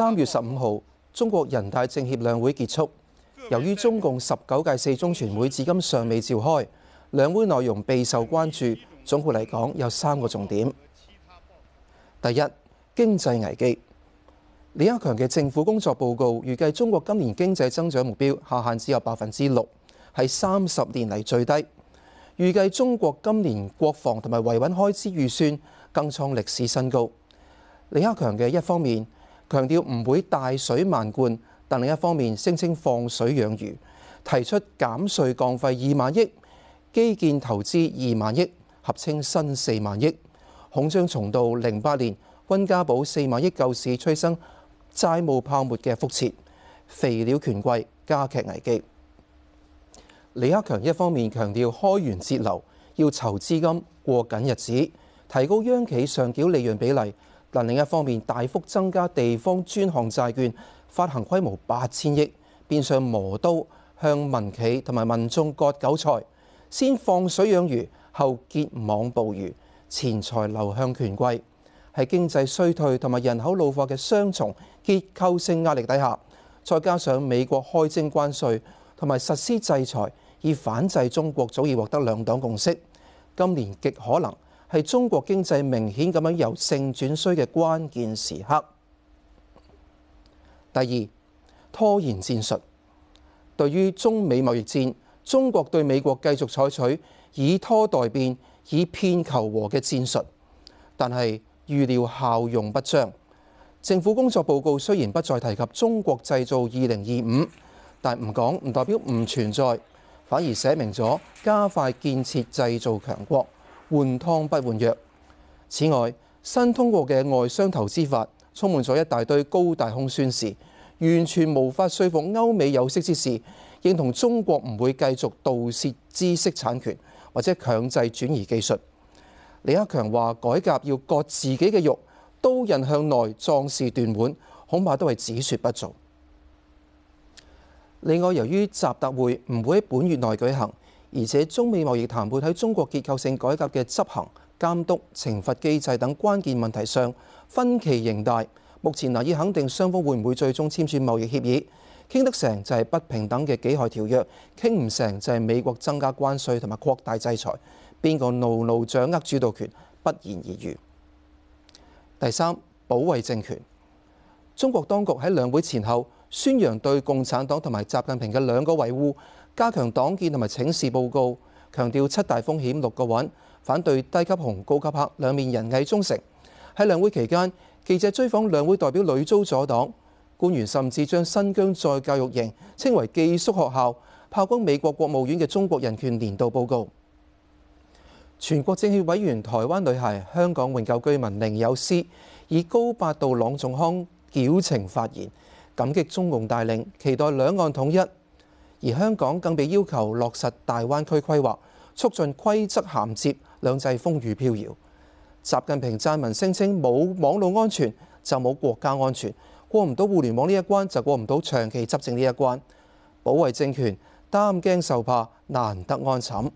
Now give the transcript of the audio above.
三月十五號，中國人大政協兩會結束。由於中共十九屆四中全會至今尚未召開，兩會內容備受關注。總括嚟講，有三個重點：第一，經濟危機。李克強嘅政府工作報告預計中國今年經濟增長目標下限只有百分之六，係三十年嚟最低。預計中國今年國防同埋維穩開支預算更創歷史新高。李克強嘅一方面強調唔會大水漫灌，但另一方面聲稱放水養魚，提出減稅降費二萬億、基建投資二萬億，合稱新四萬億，恐將重蹈零八年溫家寶四萬億救市催生債務泡沫嘅覆轍，肥料權貴，加劇危機。李克強一方面強調開源節流，要籌資金過緊日子，提高央企上繳利潤比例。嗱，另一方面，大幅增加地方專項債券發行規模八千億，變相磨刀向民企同埋民眾割韭菜，先放水養魚，後結網捕魚，錢財流向權貴，係經濟衰退同埋人口老化嘅雙重結構性壓力底下，再加上美國開徵關稅同埋實施制裁以反制中國，早已獲得兩黨共識，今年極可能。係中國經濟明顯咁樣由盛轉衰嘅關鍵時刻。第二，拖延戰術。對於中美貿易戰，中國對美國繼續採取以拖待變、以騙求和嘅戰術，但係預料效用不彰。政府工作報告雖然不再提及中國製造二零二五，但唔講唔代表唔存在，反而寫明咗加快建設製造強國。換湯不換藥。此外，新通過嘅外商投資法充滿咗一大堆高大空宣示，完全無法説服歐美有識之士認同中國唔會繼續盜竊知識產權或者強制轉移技術。李克強話改革要割自己嘅肉，刀刃向內，壯士斷腕，恐怕都係只説不做。另外，由於習特會唔會喺本月內舉行？而且中美貿易談判喺中國結構性改革嘅執行、監督、懲罰機制等關鍵問題上分歧仍大。目前難以肯定雙方會唔會最終簽署貿易協議。傾得成就係不平等嘅幾害條約，傾唔成就係美國增加關稅同埋擴大制裁。邊個牢牢掌握主導權，不言而喻。第三，保衛政權。中國當局喺兩會前後宣揚對共產黨同埋習近平嘅兩個維護。加強黨建同埋請示報告，強調七大風險六個穩，反對低級紅高級黑，兩面人偽忠誠。喺兩會期間，記者追訪兩會代表屢遭阻擋，官員甚至將新疆再教育營稱為寄宿學校，炮轟美國國務院嘅中國人權年度報告。全國政協委員台灣女孩、香港永久居民凌友詩，以高八度朗誦腔矯情發言，感激中共帶領，期待兩岸統一。而香港更被要求落實大灣區規劃，促進規則銜接，兩制風雨飄搖。習近平撰文聲稱：冇網絡安全就冇國家安全，過唔到互聯網呢一關就過唔到長期執政呢一關，保衛政權，擔驚受怕，難得安寢。